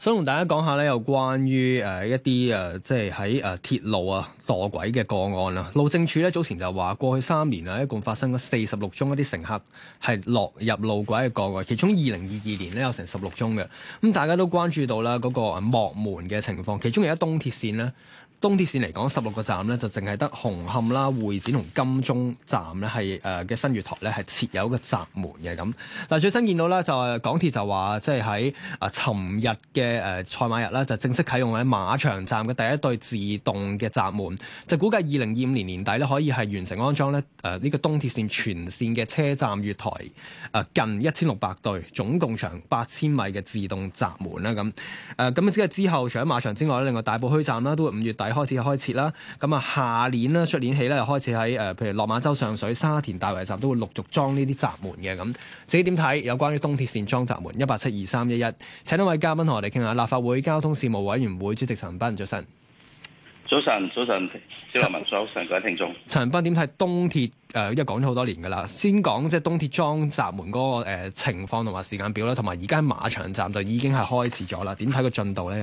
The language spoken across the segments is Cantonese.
想同大家講下咧，有關於誒一啲誒，即係喺誒鐵路啊墮軌嘅個案啦。路政署咧早前就話，過去三年啊，一共發生咗四十六宗一啲乘客係落入路軌嘅個案，其中二零二二年咧有成十六宗嘅。咁大家都關注到啦，嗰個幕門嘅情況，其中有一東鐵線咧。東鐵線嚟講，十六個站咧就淨係得紅磡啦、會展同金鐘站咧係誒嘅新月台咧係設有個閘門嘅咁。嗱，最新見到咧就係港鐵就話，即係喺啊尋日嘅誒賽馬日咧就正式啟用喺馬場站嘅第一對自動嘅閘門，就估計二零二五年年底咧可以係完成安裝咧誒呢個東鐵線全線嘅車站月台誒、呃、近一千六百對，總共長八千米嘅自動閘門啦咁。誒咁即係之後除咗馬場之外咧，另外大埔墟站啦都會五月底。開始開設啦，咁啊下年啦出年起咧又開始喺誒，譬如落馬洲上水、沙田大圍站都會陸續裝呢啲閘門嘅咁，自己點睇？有關於東鐵綫裝閘門，一八七二三一一，請一位嘉賓同我哋傾下，立法會交通事務委員會主席陳恆鑌早晨，早晨，早晨早晨，陳恆鑌，早晨，各位聽眾，陳恆鑌點睇東鐵誒？因為講咗好多年噶啦，先講即係東鐵裝閘門嗰個誒情況同埋時間表啦，同埋而家馬場站就已經係開始咗啦，點睇個進度咧？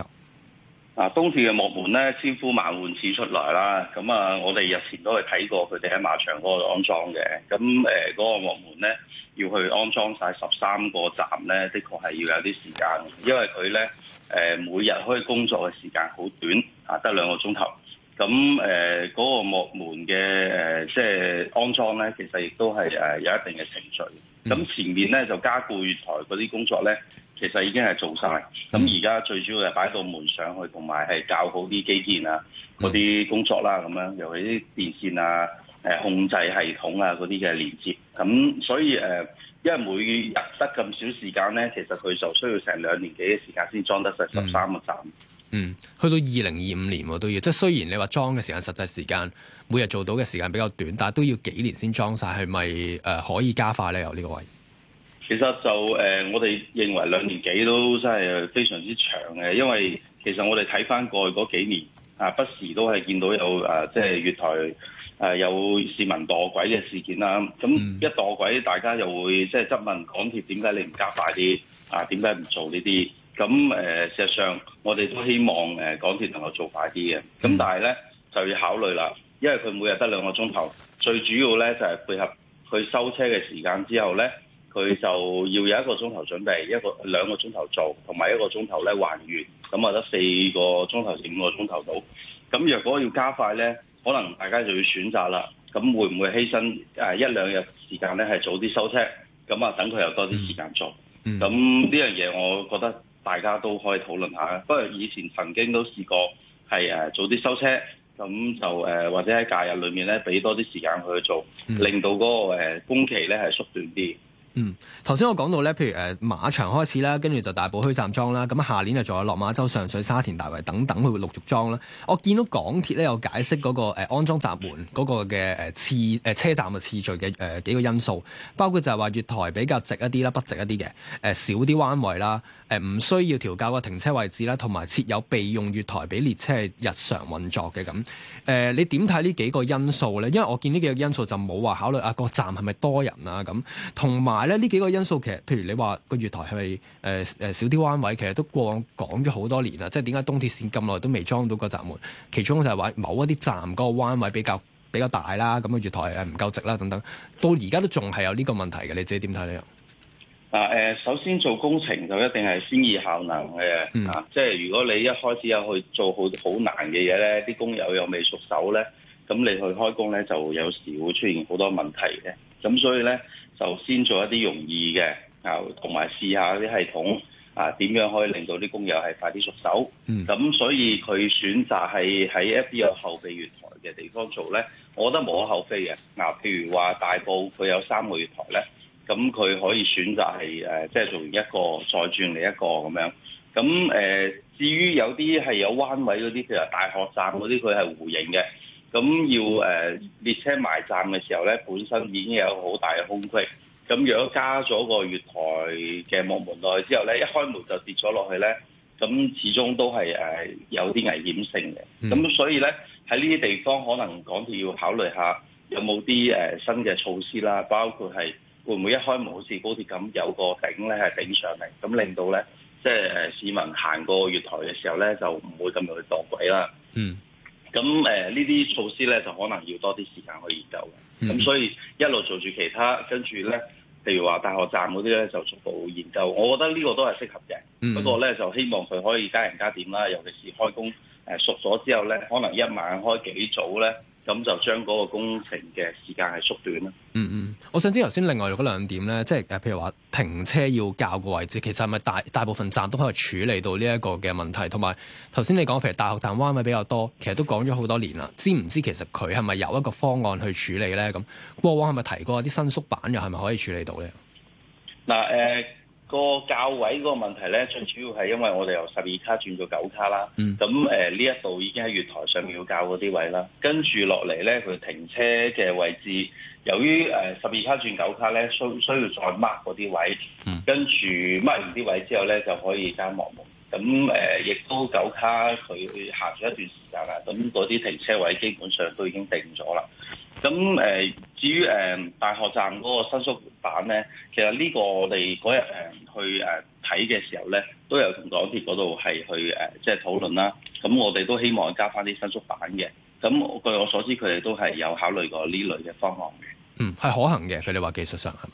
啊、東鐵嘅幕門咧千呼萬喚始出來啦，咁、啊、我哋日前都去睇過佢哋喺馬場嗰度安裝嘅，咁嗰、呃嗰個幕門呢，要去安裝曬十三個站呢，的確係要有啲時間，因為佢呢、呃、每日可以工作嘅時間好短，得、啊、兩個鐘頭。咁誒嗰個幕門嘅誒、呃、即係安裝咧，其實亦都係誒有一定嘅程序。咁、嗯、前面咧就加固月台嗰啲工作咧，其實已經係做晒。咁而家最主要係擺到門上去，同埋係較好啲機件啊嗰啲工作啦、啊，咁樣、嗯、尤其啲電線啊、呃、控制系統啊嗰啲嘅連接。咁所以誒、呃，因為每日入得咁少時間咧，其實佢就需要成兩年幾嘅時間先裝得曬十三個站。嗯嗯，去到二零二五年都要，即係雖然你話裝嘅時間實際時間每日做到嘅時間比較短，但係都要幾年先裝晒，係咪誒可以加快咧？由呢個位？其實就誒、呃，我哋認為兩年幾都真係非常之長嘅，因為其實我哋睇翻過去嗰幾年啊，不時都係見到有誒即係月台誒、呃、有市民墮軌嘅事件啦。咁一墮軌大家又會即係質問港鐵點解你唔加快啲啊？點解唔做呢啲？咁誒、呃、事實上。 我哋都希望港鐵能夠做快啲嘅，咁但係呢，就要考慮啦，因為佢每日得兩個鐘頭，最主要呢，就係配合佢收車嘅時間之後呢，佢就要有一個鐘頭準備，一個兩個鐘頭做，同埋一個鐘頭還原，咁啊得四個鐘頭至五個鐘頭到。咁若果要加快呢，可能大家就要選擇啦。咁會唔會犧牲一兩日時間呢，係早啲收車，咁啊等佢有多啲時間做。咁呢 樣嘢，我覺得。大家都可以討論下。不過以前曾經都試過，係誒早啲收車，咁就誒或者喺假日裏面咧，俾多啲時間去做，令到嗰個誒工期咧係縮短啲。嗯，頭先我講到咧，譬如誒馬場開始啦，跟住就大埔墟站裝啦，咁下年就仲有落馬洲、上水、沙田、大圍等等，佢會陸續裝啦。我見到港鐵咧有解釋嗰個安裝閘門嗰個嘅誒次車站嘅次序嘅誒幾個因素，包括就係話月台比較直一啲啦，不直一啲嘅誒少啲彎位啦，誒唔需要調校個停車位置啦，同埋設有備用月台俾列車日常運作嘅咁。誒，你點睇呢幾個因素咧？因為我見呢幾個因素就冇話考慮啊個站係咪多人啊咁，同埋。呢幾個因素，其實譬如你話個月台係咪誒誒少啲彎位，其實都過往講咗好多年啦。即係點解東鐵線咁耐都未裝到個閘門？其中就係話某一啲站嗰個彎位比較比較大啦，咁嘅月台誒唔夠直啦等等。到而家都仲係有呢個問題嘅，你自己點睇呢樣？嗱誒、呃，首先做工程就一定係先易後難嘅啊、嗯呃，即係如果你一開始有去做好好難嘅嘢咧，啲工友又未熟手咧，咁你去開工咧就有時會出現好多問題嘅。咁所以咧，就先做一啲容易嘅啊，同埋試下啲系統啊，點樣可以令到啲工友係快啲熟手。咁、嗯啊、所以佢選擇係喺一啲有後備月台嘅地方做咧，我覺得無可厚非嘅。嗱、啊，譬如話大埔佢有三個月台咧，咁佢可以選擇係誒，即、呃、係、即係、做完一個再轉嚟一個咁樣。咁誒、呃，至於有啲係有彎位嗰啲，譬如大學站嗰啲，佢係弧形嘅。咁、嗯、要誒列車埋站嘅時候咧，本身已經有好大嘅空隙。咁如果加咗個月台嘅幕門落去之後咧，一開門就跌咗落去咧，咁始終都係有啲危險性嘅。咁、嗯、所以咧喺呢啲地方，可能港鐵要考慮下有冇啲新嘅措施啦，包括係會唔會一開門好似高鐵咁有個頂咧係頂上嚟，咁令到咧即係市民行過月台嘅時候咧就唔會咁容易墮軌啦。嗯。咁誒呢啲措施咧，就可能要多啲時間去研究嘅。咁所以一路做住其他，跟住咧，譬如話大學站嗰啲咧，就逐步研究。我覺得呢個都係適合嘅。不過咧，就希望佢可以加人加點啦，尤其是開工誒熟咗之後咧，可能一晚開幾組咧。咁就將嗰個工程嘅時間係縮短啦。嗯嗯，我想知頭先另外嗰兩點呢，即係譬如話停車要較個位置，其實係咪大大部分站都可以處理到呢一個嘅問題？同埋頭先你講，譬如大學站彎位比較多，其實都講咗好多年啦。知唔知其實佢係咪有一個方案去處理呢？咁過往係咪提過啲伸縮板又係咪可以處理到呢？嗱誒。呃個較位嗰個問題咧，最主要係因為我哋由十二卡轉到九卡啦，咁誒呢一度已經喺月台上面要較嗰啲位啦，跟住落嚟咧佢停車嘅位置，由於誒十二卡轉九卡咧，需要需要再 mark 嗰啲位，跟住 mark 完啲位置之後咧就可以加幕門，咁誒亦都九卡佢行咗一段時間啦，咁嗰啲停車位基本上都已經定咗啦。咁誒，至於誒大學站嗰個伸縮版咧，其實呢個我哋嗰日誒去誒睇嘅時候咧，都有同港鐵嗰度係去誒即係討論啦。咁我哋都希望加翻啲伸縮版嘅。咁據我所知，佢哋都係有考慮過呢類嘅方案嘅。嗯，係可行嘅。佢哋話技術上行。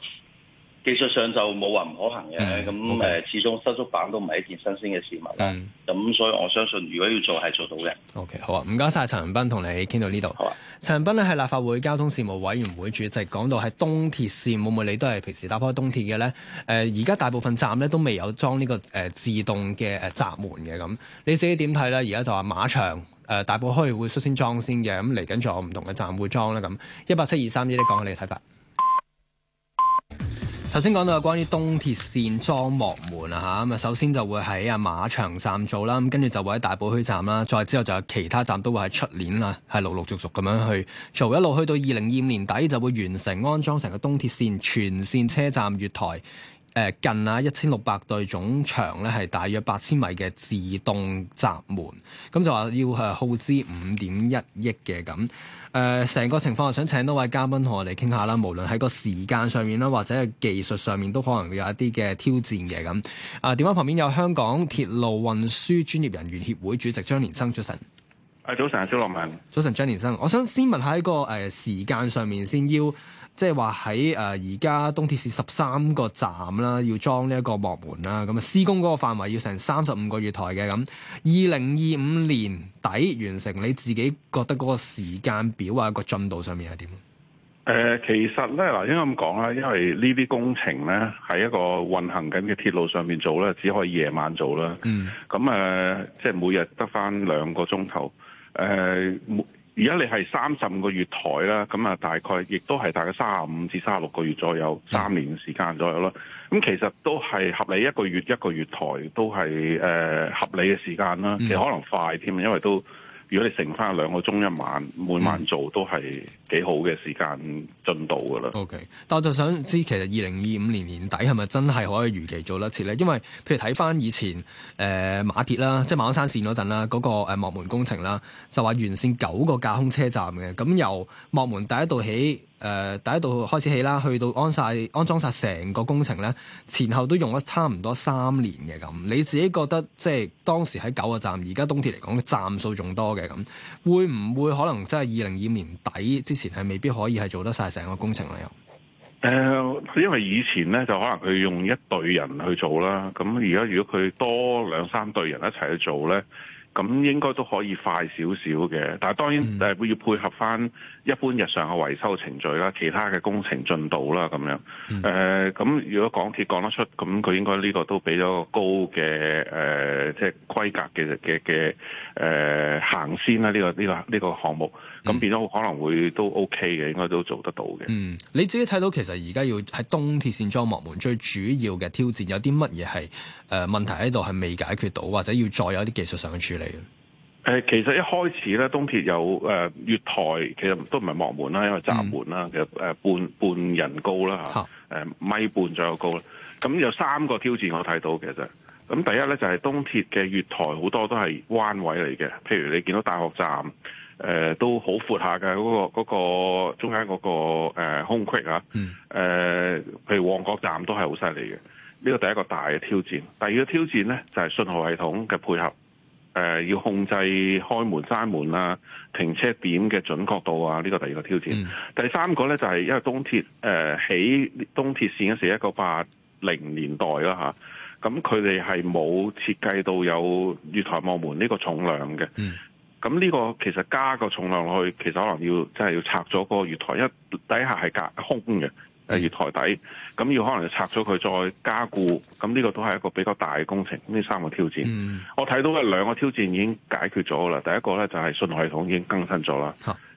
技術上就冇話唔可行嘅，咁始終收縮板都唔係一件新鮮嘅事物。啦咁、嗯、所以我相信如果要做係做到嘅。OK，好啊，唔該晒，陳恆鑌，同你傾到呢度。好啊。陳恆鑌咧係立法會交通事務委員會主席，講到係東鐵線，冇每你都係平時搭開東鐵嘅咧。而、呃、家大部分站咧都未有裝呢、這個、呃、自動嘅誒閘門嘅咁，你自己點睇咧？而家就話馬場、呃、大埔墟會率先裝先嘅，咁嚟緊仲有唔同嘅站會裝啦咁。一八七二三呢啲講下你嘅睇法。首先講到係關於東鐵線裝幕門啊，嚇。咁啊，首先就會喺啊馬場站做啦，咁跟住就會喺大埔墟站啦，再之後就有其他站都會係出年啦，係陸陸續續咁樣去做，一路去到二零二五年底就會完成安裝成個東鐵線全線車站月台。誒近啊一千六百對總長咧係大約八千米嘅自動閘門，咁就話要誒耗資五點一億嘅咁。誒、呃、成個情況，我想請多位嘉賓同我哋傾下啦。無論喺個時間上面啦，或者係技術上面，都可能會有一啲嘅挑戰嘅咁。啊、呃，電話旁邊有香港鐵路運輸專業人員協會主席張年生，出早晨。啊，早晨，朱樂文。早晨，張年生，我想先問喺個誒、呃、時間上面先要。即係話喺誒、而家東鐵線十三個站啦，要裝呢一個幕門啦，咁啊施工嗰個範圍要成三十五個月台嘅，咁二零二五年底完成，你自己覺得嗰個時間表啊個進度上面係點？誒、呃，其實咧嗱，應該咁講啦，因為呢啲工程咧喺一個運行緊嘅鐵路上面做咧，只可以夜晚做啦。嗯，咁啊、呃，即係每日得翻兩個鐘頭。誒、呃，每而家你係三十五個月台啦，咁啊大概亦都係大概三十五至三十六個月左右，三年嘅時間左右啦。咁其實都係合理，一個月一個月台都係誒、呃、合理嘅時間啦。其實可能快添，因為都。如果你剩翻兩個鐘一晚，每晚做都係幾好嘅時間進度㗎啦。OK，但我就想知其實二零二五年年底係咪真係可以如期做得切咧？因為譬如睇翻以前誒、呃、馬鐵啦，即係馬鞍山線嗰陣啦，嗰、那個誒幕、呃、門工程啦，就話沿線九個架空車站嘅，咁由幕門第一度起。誒、呃、第一度開始起啦，去到安曬安裝晒成個工程呢，前後都用咗差唔多三年嘅咁。你自己覺得即係當時喺九個站，而家東鐵嚟講站數仲多嘅咁，會唔會可能即係二零二五年底之前係未必可以係做得晒成個工程啊？又誒、呃，因為以前呢，就可能佢用一隊人去做啦，咁而家如果佢多兩三隊人一齊去做呢，咁應該都可以快少少嘅。但係當然誒會要配合返。一般日常嘅維修程序啦，其他嘅工程進度啦，咁樣誒，咁如果港鐵講得出，咁佢應該呢個都俾咗高嘅誒，即係規格嘅嘅嘅誒行先啦，呢個呢個呢個項目，咁變咗可能會都 OK 嘅，應該都做得到嘅。嗯，你自己睇到其實而家要喺東鐵線裝幕門，最主要嘅挑戰有啲乜嘢係誒問題喺度係未解決到，或者要再有啲技術上嘅處理。誒，其實一開始咧，東鐵有誒、呃、月台，其實都唔係幕門啦，因為閘門啦，嗯、其實誒、呃、半半人高啦吓，誒、啊、米半左右高啦。咁有三個挑戰我睇到嘅啫。咁第一咧就係、是、東鐵嘅月台好多都係彎位嚟嘅，譬如你見到大學站，誒、呃、都好闊下嘅嗰、那個嗰、那個中間嗰、那個誒、呃、空隙啊。誒、嗯呃，譬如旺角站都係好犀利嘅，呢個第一個大嘅挑戰。第二個挑戰咧就係、是、信號系統嘅配合。誒、呃、要控制開門閂門啊，停車點嘅準確度啊，呢個第二個挑戰。Mm. 第三個呢就係、是、因為東鐵誒、呃、起東鐵線嗰時一九八零年代啦吓，咁佢哋係冇設計到有月台幕門呢個重量嘅。咁呢、mm. 個其實加個重量落去，其實可能要真係要拆咗個月台，因為底下係隔空嘅。誒月台底，咁要可能拆咗佢再加固，咁呢個都係一個比較大嘅工程。呢三個挑戰，嗯、我睇到嘅兩個挑戰已經解決咗啦。第一個呢，就係、是、信號系統已經更新咗啦，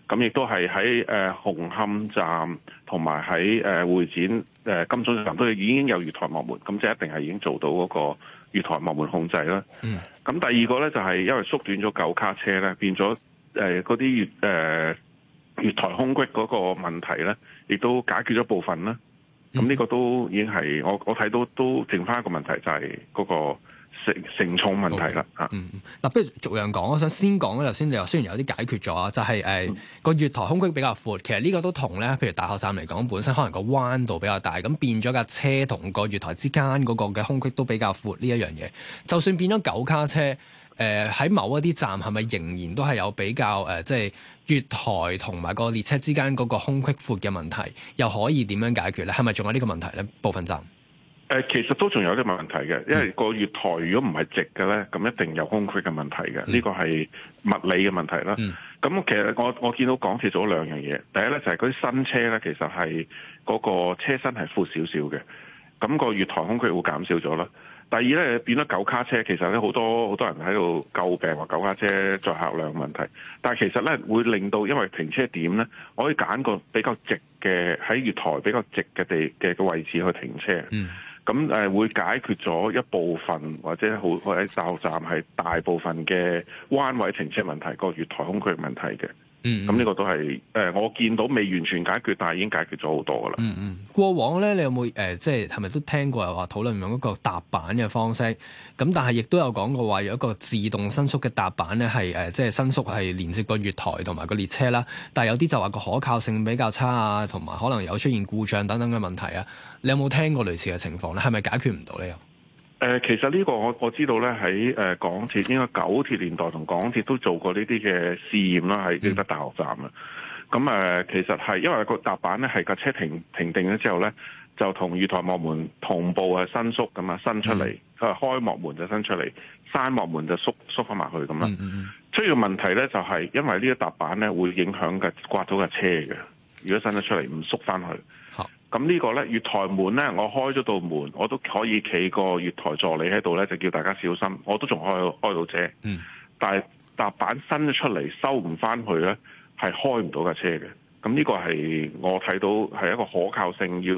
咁、啊、亦都係喺誒紅磡站同埋喺誒會展誒、呃、金鐘站都已經有月台幕門，咁即係一定係已經做到嗰個月台幕門控制啦。咁、嗯、第二個呢，就係、是、因為縮短咗九卡車呢變咗誒嗰啲月誒。呃月台空隙嗰個問題咧，亦都解決咗部分啦。咁呢個都已經係我我睇到都剩翻一個問題，就係嗰個承承重問題啦、okay. 嗯嗯。啊，嗯，嗱，不如逐樣講。我想先講咧，頭先你又雖然有啲解決咗，就係誒個月台空隙比較闊。其實呢個都同咧，譬如大學站嚟講，本身可能個彎度比較大，咁變咗架車同個月台之間嗰個嘅空隙都比較闊。呢一樣嘢，就算變咗九卡車。誒喺、呃、某一啲站係咪仍然都係有比較誒，即、呃、係、就是、月台同埋個列車之間嗰個空隙闊嘅問題，又可以點樣解決咧？係咪仲有呢個問題咧？部分站誒、呃，其實都仲有啲問題嘅，因為個月台如果唔係直嘅咧，咁一定有空隙嘅問題嘅。呢個係物理嘅問題啦。咁、嗯、其實我我見到港鐵做咗兩樣嘢，第一咧就係嗰啲新車咧，其實係嗰、那個車身係闊少少嘅，咁、那個月台空隙會減少咗啦。第二咧變咗九卡車，其實咧好多好多人喺度詬病話九卡車載客量問題，但其實咧會令到因為停車點咧，可以揀個比較直嘅喺月台比較直嘅地嘅位置去停車，咁誒、嗯、會解決咗一部分或者好喺哨站係大部分嘅彎位停車問題、個月台空隙問題嘅。嗯，咁呢個都係，誒，我見到未完全解決，但係已經解決咗好多噶啦。嗯嗯，過往咧，你有冇誒，即係係咪都聽過話討論用一個踏板嘅方式？咁但係亦都有講過話有一個自動伸縮嘅踏板咧，係誒，即係伸縮係連接個月台同埋個列車啦。但係有啲就話個可靠性比較差啊，同埋可能有出現故障等等嘅問題啊。你有冇聽過類似嘅情況咧？係咪解決唔到呢？誒、呃，其實呢個我我知道咧，喺誒、呃、港鐵應該九鐵年代同港鐵都做過呢啲嘅試驗啦，喺英德大學站啊。咁誒、嗯嗯呃，其實係因為個踏板咧係架車停停定咗之後咧，就同月台幕門同步啊伸縮咁啊伸出嚟，嗯、開幕門就伸出嚟，閂幕門就縮縮翻埋去咁啦。出現、嗯、問題咧就係、是、因為呢個踏板咧會影響嘅刮到架車嘅，如果伸得出嚟唔縮翻去。咁呢個呢月台門呢，我開咗道門，我都可以企個月台助理喺度呢，就叫大家小心，我都仲可以開到車。嗯，但係踏板伸咗出嚟收唔返去呢，係開唔到架車嘅。咁呢個係我睇到係一個可靠性要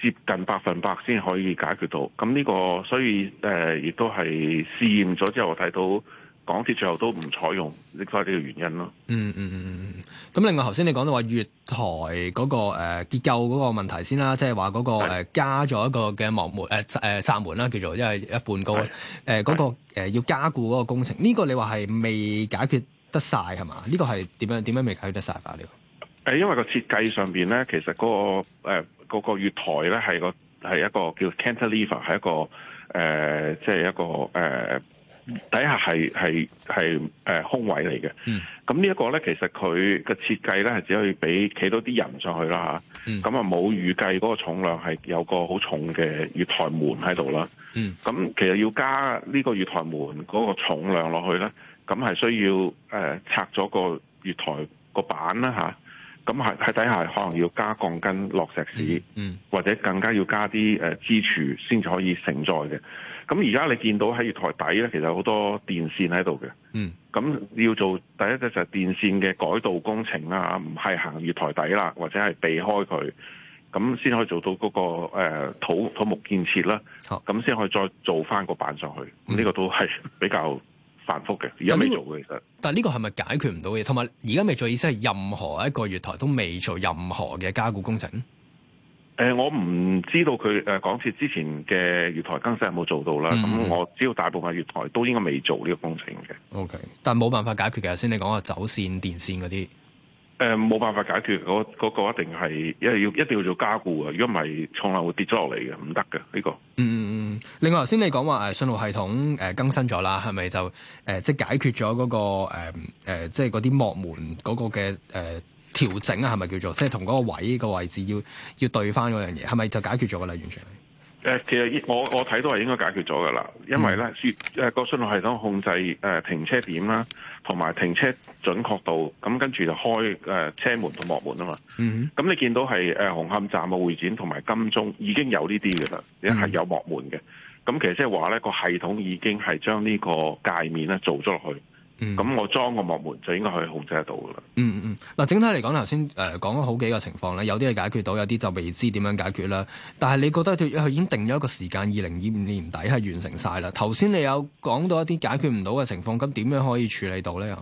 接近百分百先可以解決到。咁呢個所以誒，亦、呃、都係試驗咗之後我睇到。港鐵最後都唔採用，呢塊呢個原因咯、嗯。嗯嗯嗯嗯嗯。咁另外頭先你講到話月台嗰、嗰個誒、呃、結構嗰個問題先啦，即係話嗰個是、呃、加咗一個嘅幕閘門啦，叫做因為一半高嗰個要加固嗰個工程，呢、呢個你話係未解決得晒係嗎？呢、呢個係點樣點樣未解決得晒法呢？因為個設計上面咧，其實嗰、嗰個呃嗰個月台咧係一,一個叫 cantilever，係一個即係、呃即係、一個、呃底下係係係誒空位嚟嘅，咁、嗯、呢一個咧，其實佢嘅設計咧係只可以俾企多啲人上去啦嚇，咁啊冇、嗯、預計嗰個重量係有個好重嘅月台門喺度啦，咁、嗯、其實要加呢個月台門嗰個重量落去咧，咁係需要誒、呃、拆咗個月台個板啦嚇，咁喺喺底下可能要加鋼筋落石屎，嗯嗯、或者更加要加啲誒、呃、支柱先至可以承載嘅。咁而家你見到喺月台底咧，其實好多電線喺度嘅。嗯，咁要做第一隻就係電線嘅改道工程啦，唔係行月台底啦，或者係避開佢，咁先可以做到嗰、個、誒、土土木建設啦。咁先可以再做翻個板上去。咁呢、嗯、個都係比較繁複嘅，而家未做嘅但其實。但呢個係咪解決唔到嘅？同埋而家未做，意思係任何一個月台都未做任何嘅加固工程。誒、呃，我唔知道佢誒港鐵之前嘅月台更新有冇做到啦。咁、嗯、我知道大部分月台都應該未做呢個工程嘅。O、okay, K.，但冇辦法解決嘅。頭先你講話走線電線嗰啲，誒冇、呃、辦法解決嗰、那個那個一定係因為要一定要做加固啊！如果唔係，創下會跌咗落嚟嘅，唔得嘅呢個。嗯嗯嗯。另外頭先你講話信號系統更新咗啦，係咪就誒、呃、即解決咗嗰、那個誒、呃、即係嗰啲幕門嗰個嘅調整啊，係咪叫做即係同嗰個位、嗰個位置要要對翻嗰樣嘢，係咪就解決咗㗎啦？完全誒，其實我我睇到係應該解決咗㗎啦，因為咧誒個信號系統控制停車點啦，同埋停車準確度，咁跟住就開誒車門同幕門啊嘛。咁、嗯、你見到係誒紅磡站嘅會展同埋金鐘已經有呢啲㗎啦，已經係、嗯、有幕門嘅，咁其實即係話咧個系統已經係將呢個界面咧做咗落去。咁、嗯、我裝個幕門就應該可以控制得到噶啦、嗯。嗯嗯嗯，嗱，整體嚟講，頭先誒講咗好幾個情況咧，有啲係解決到，有啲就未知點樣解決啦。但係你覺得佢已經定咗一個時間，二零二五年底係完成晒啦。頭先你有講到一啲解決唔到嘅情況，咁點樣可以處理到咧？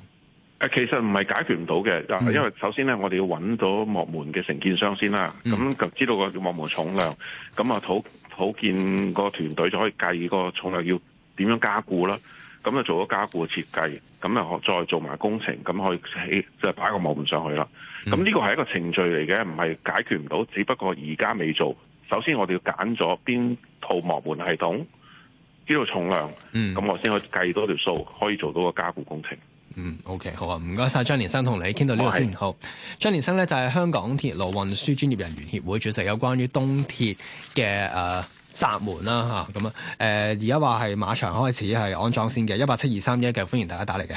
誒，其實唔係解決唔到嘅，就係、嗯、因為首先咧，我哋要揾到幕門嘅承建商先啦。咁、嗯、就知道個幕門重量，咁啊土土建個團隊就可以計個重量要點樣加固啦。咁就做咗加固嘅設計，咁就再做埋工程，咁可以起就擺個幕門上去啦。咁呢個係一個程序嚟嘅，唔係解決唔到，只不過而家未做。首先我哋要揀咗邊套幕門系統，知道重量，咁我先可以計多條數，可以做到個加固工程。嗯，OK，好啊，唔該晒張年生同你傾到呢度先。是好，張年生咧就係香港鐵路運輸專業人員協會主席，有關於東鐵嘅誒。Uh, 閘門啦嚇，咁啊，誒而家話係馬場開始係安裝先嘅，一八七二三一嘅，歡迎大家打嚟嘅。